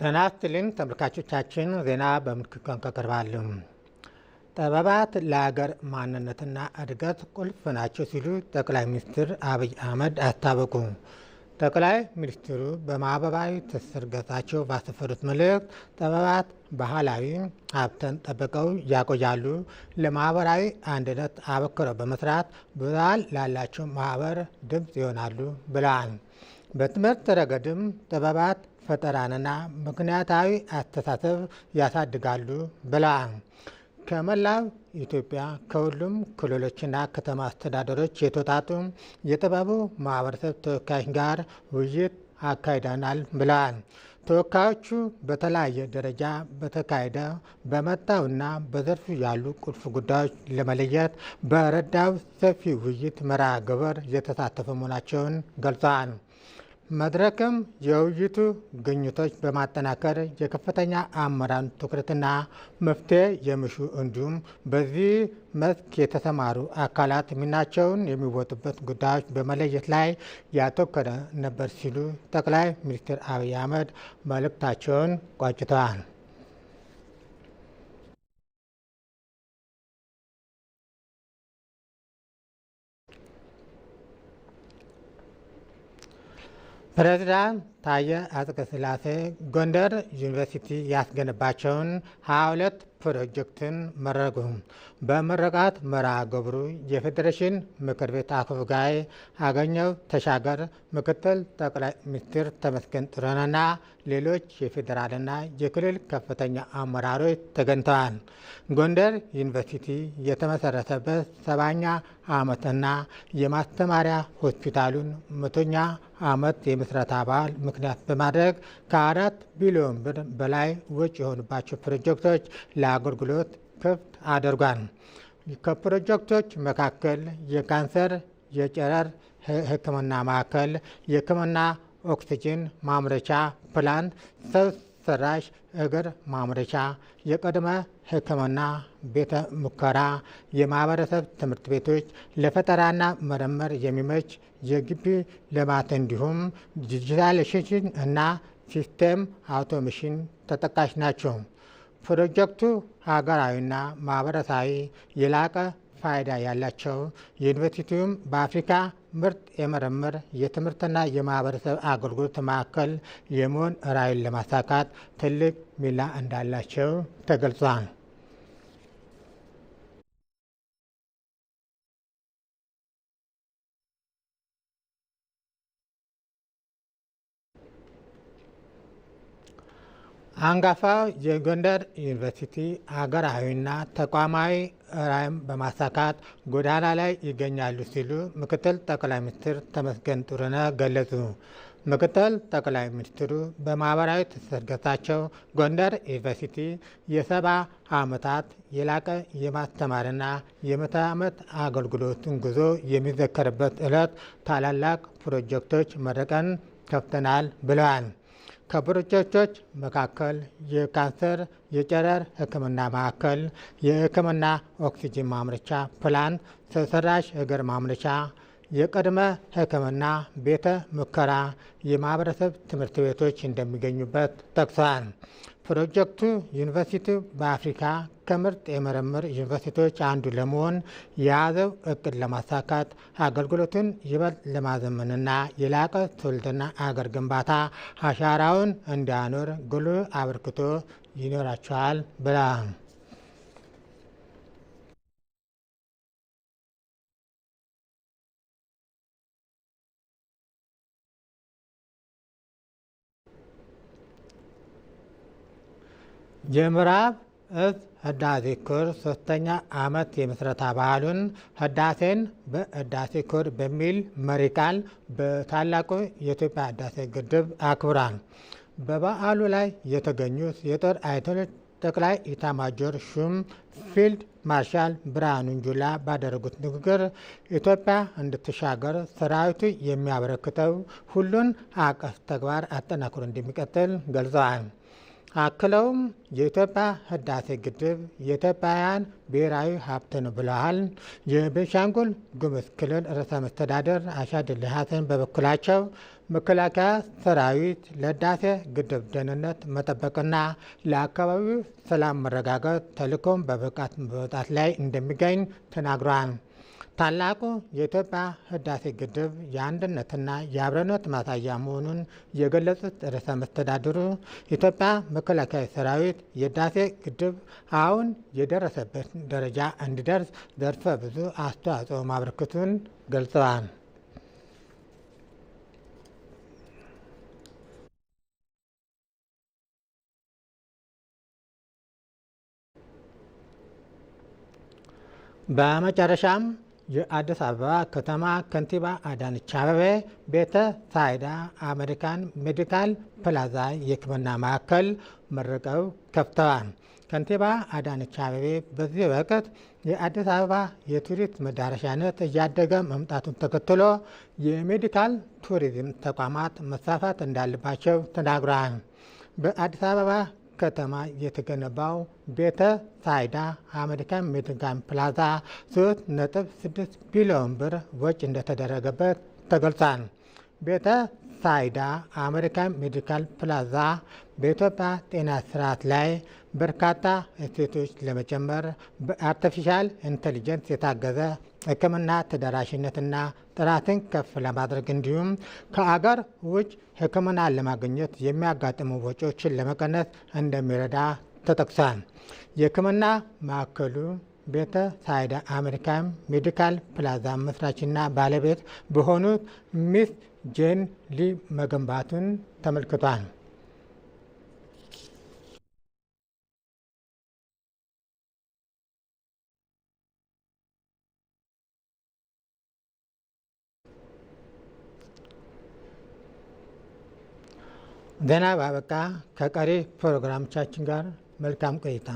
ጤና ይስጥልኝ ተመልካቾቻችን፣ ዜና በምልክት ቋንቋ ቀርባሉ። ጥበባት ለሀገር ማንነትና እድገት ቁልፍ ናቸው ሲሉ ጠቅላይ ሚኒስትር አብይ አህመድ አስታወቁ። ጠቅላይ ሚኒስትሩ በማህበራዊ ትስስር ገጻቸው ባሰፈሩት መልእክት ጥበባት ባህላዊ ሀብትን ጠብቀው ያቆያሉ፣ ለማህበራዊ አንድነት አበክረው በመስራት ብዛል ላላቸው ማህበር ድምፅ ይሆናሉ ብለዋል። በትምህርት ረገድም ጥበባት ፈጠራንና ምክንያታዊ አስተሳሰብ ያሳድጋሉ ብለዋል። ከመላው ኢትዮጵያ ከሁሉም ክልሎችና ከተማ አስተዳደሮች የተውጣጡ የጥበቡ ማህበረሰብ ተወካዮች ጋር ውይይት አካሂደናል ብለዋል። ተወካዮቹ በተለያየ ደረጃ በተካሄደ በመጣውና በዘርፉ ያሉ ቁልፍ ጉዳዮች ለመለየት በረዳው ሰፊ ውይይት መርሃ ግብር የተሳተፉ መሆናቸውን ገልጸዋል። መድረክም የውይይቱ ግኝቶች በማጠናከር የከፍተኛ አመራን ትኩረትና መፍትሄ የሚሹ እንዲሁም በዚህ መስክ የተሰማሩ አካላት ሚናቸውን የሚወጡበት ጉዳዮች በመለየት ላይ ያተኮረ ነበር ሲሉ ጠቅላይ ሚኒስትር አብይ አህመድ መልእክታቸውን ቋጭተዋል። ፕሬዚዳንት ታየ አጽቀ ጎንደር ዩኒቨርሲቲ ያስገነባቸውን 22 ፕሮጀክትን መረጉ በምረቃት መርሃ ግብሩ የፌዴሬሽን ምክር ቤት አፈ አገኘው ተሻገር፣ ምክትል ጠቅላይ ሚኒስትር ተመስገን ጥሩነህና ሌሎች የፌዴራልና የክልል ከፍተኛ አመራሮች ተገኝተዋል። ጎንደር ዩኒቨርሲቲ የተመሰረተበት ሰባኛ ዓመትና የማስተማሪያ ሆስፒታሉን መቶኛ ዓመት የምስረታ በዓል ምክንያት በማድረግ ከአራት ቢሊዮን ብር በላይ ወጪ የሆኑባቸው ፕሮጀክቶች አገልግሎት ክፍት አድርጓል። ከፕሮጀክቶች መካከል የካንሰር የጨረር ሕክምና ማዕከል፣ የሕክምና ኦክሲጅን ማምረቻ ፕላንት፣ ሰው ሰራሽ እግር ማምረቻ፣ የቅድመ ሕክምና ቤተ ሙከራ፣ የማህበረሰብ ትምህርት ቤቶች፣ ለፈጠራና ምርምር የሚመች የግቢ ልማት እንዲሁም ሽሽን እና ሲስተም አውቶሜሽን ተጠቃሽ ናቸው። ፕሮጀክቱ ሀገራዊና ማህበረሰባዊ የላቀ ፋይዳ ያላቸው ዩኒቨርሲቲውም በአፍሪካ ምርጥ የምርምር የትምህርትና የማህበረሰብ አገልግሎት ማዕከል የመሆን ራዕይን ለማሳካት ትልቅ ሚና እንዳላቸው ተገልጿል። አንጋፋው የጎንደር ዩኒቨርሲቲ ሀገራዊና ተቋማዊ ራዕይም በማሳካት ጎዳና ላይ ይገኛሉ ሲሉ ምክትል ጠቅላይ ሚኒስትር ተመስገን ጥሩነህ ገለጹ። ምክትል ጠቅላይ ሚኒስትሩ በማህበራዊ ትስስር ገጻቸው ጎንደር ዩኒቨርሲቲ የሰባ ዓመታት የላቀ የማስተማርና የመተመት ዓመት አገልግሎትን ጉዞ የሚዘከርበት ዕለት ታላላቅ ፕሮጀክቶች መርቀን ከፍተናል ብለዋል። ከፕሮጀክቶች መካከል የካንሰር የጨረር ህክምና ማዕከል፣ የህክምና ኦክሲጂን ማምረቻ ፕላንት፣ ሰው ሰራሽ እግር ማምረቻ፣ የቅድመ ህክምና ቤተ ሙከራ፣ የማህበረሰብ ትምህርት ቤቶች እንደሚገኙበት ጠቅሰዋል። ፕሮጀክቱ ዩኒቨርሲቲ በአፍሪካ ከምርጥ የምርምር ዩኒቨርሲቲዎች አንዱ ለመሆን የያዘው እቅድ ለማሳካት አገልግሎቱን ይበልጥ ለማዘመንና የላቀ ትውልድና አገር ግንባታ አሻራውን እንዲያኖር ጉልህ አበርክቶ ይኖራቸዋል ብላ የምዕራብ እዝ ህዳሴ ኩር ሶስተኛ ዓመት የምስረታ በዓሉን ህዳሴን በህዳሴ ኩር በሚል መሪ ቃል በታላቁ የኢትዮጵያ ህዳሴ ግድብ አክብሯል። በበዓሉ ላይ የተገኙት የጦር ኃይሎች ጠቅላይ ኢታማጆር ሹም ፊልድ ማርሻል ብርሃኑ ጁላ ባደረጉት ንግግር ኢትዮጵያ እንድትሻገር ሰራዊቱ የሚያበረክተው ሁሉን አቀፍ ተግባር አጠናክሮ እንደሚቀጥል ገልጸዋል። አክለውም የኢትዮጵያ ህዳሴ ግድብ የኢትዮጵያውያን ብሔራዊ ሀብት ነው ብለዋል። የቤንሻንጉል ጉሙዝ ክልል ርዕሰ መስተዳደር አሻድሊ ሀሰን በበኩላቸው መከላከያ ሰራዊት ለህዳሴ ግድብ ደህንነት መጠበቅና ለአካባቢው ሰላም መረጋገጥ ተልዕኮም በብቃት መውጣት ላይ እንደሚገኝ ተናግሯል። ታላቁ የኢትዮጵያ ህዳሴ ግድብ የአንድነትና የአብረነት ማሳያ መሆኑን የገለጹት ርዕሰ መስተዳድሩ ኢትዮጵያ መከላከያ ሰራዊት የህዳሴ ግድብ አሁን የደረሰበት ደረጃ እንዲደርስ ዘርፈ ብዙ አስተዋጽኦ ማበርከቱን ገልጸዋል። በመጨረሻም የአዲስ አበባ ከተማ ከንቲባ አዳነች አበቤ ቤተ ሳይዳ አሜሪካን ሜዲካል ፕላዛ የሕክምና ማዕከል መርቀው ከፍተዋል። ከንቲባ አዳነች አበቤ በዚህ ወቅት የአዲስ አበባ የቱሪስት መዳረሻነት እያደገ መምጣቱን ተከትሎ የሜዲካል ቱሪዝም ተቋማት መስፋፋት እንዳለባቸው ተናግረዋል። በአዲስ አበባ ከተማ የተገነባው ቤተ ሳይዳ አሜሪካን ሜዲካን ፕላዛ ነ6 ቢሊዮን ብር ወጪ እንደተደረገበት ተገልጿል። ቤተ ሳይዳ አሜሪካን ሜዲካል ፕላዛ በኢትዮጵያ ጤና ስርዓት ላይ በርካታ እሴቶች ለመጨመር በአርቲፊሻል ኢንቴሊጀንስ የታገዘ ሕክምና ተደራሽነትና ጥራትን ከፍ ለማድረግ እንዲሁም ከአገር ውጭ ህክምና ለማግኘት የሚያጋጥሙ ወጪዎችን ለመቀነስ እንደሚረዳ ተጠቅሷል። የሕክምና ማዕከሉ ቤተ ሳይዳ አሜሪካን ሜዲካል ፕላዛ መስራችና ባለቤት በሆኑት ሚስ ጄን ሊ መገንባቱን ተመልክቷል። ገና ባበቃ ከቀሪ ፕሮግራሞቻችን ጋር መልካም ቆይታ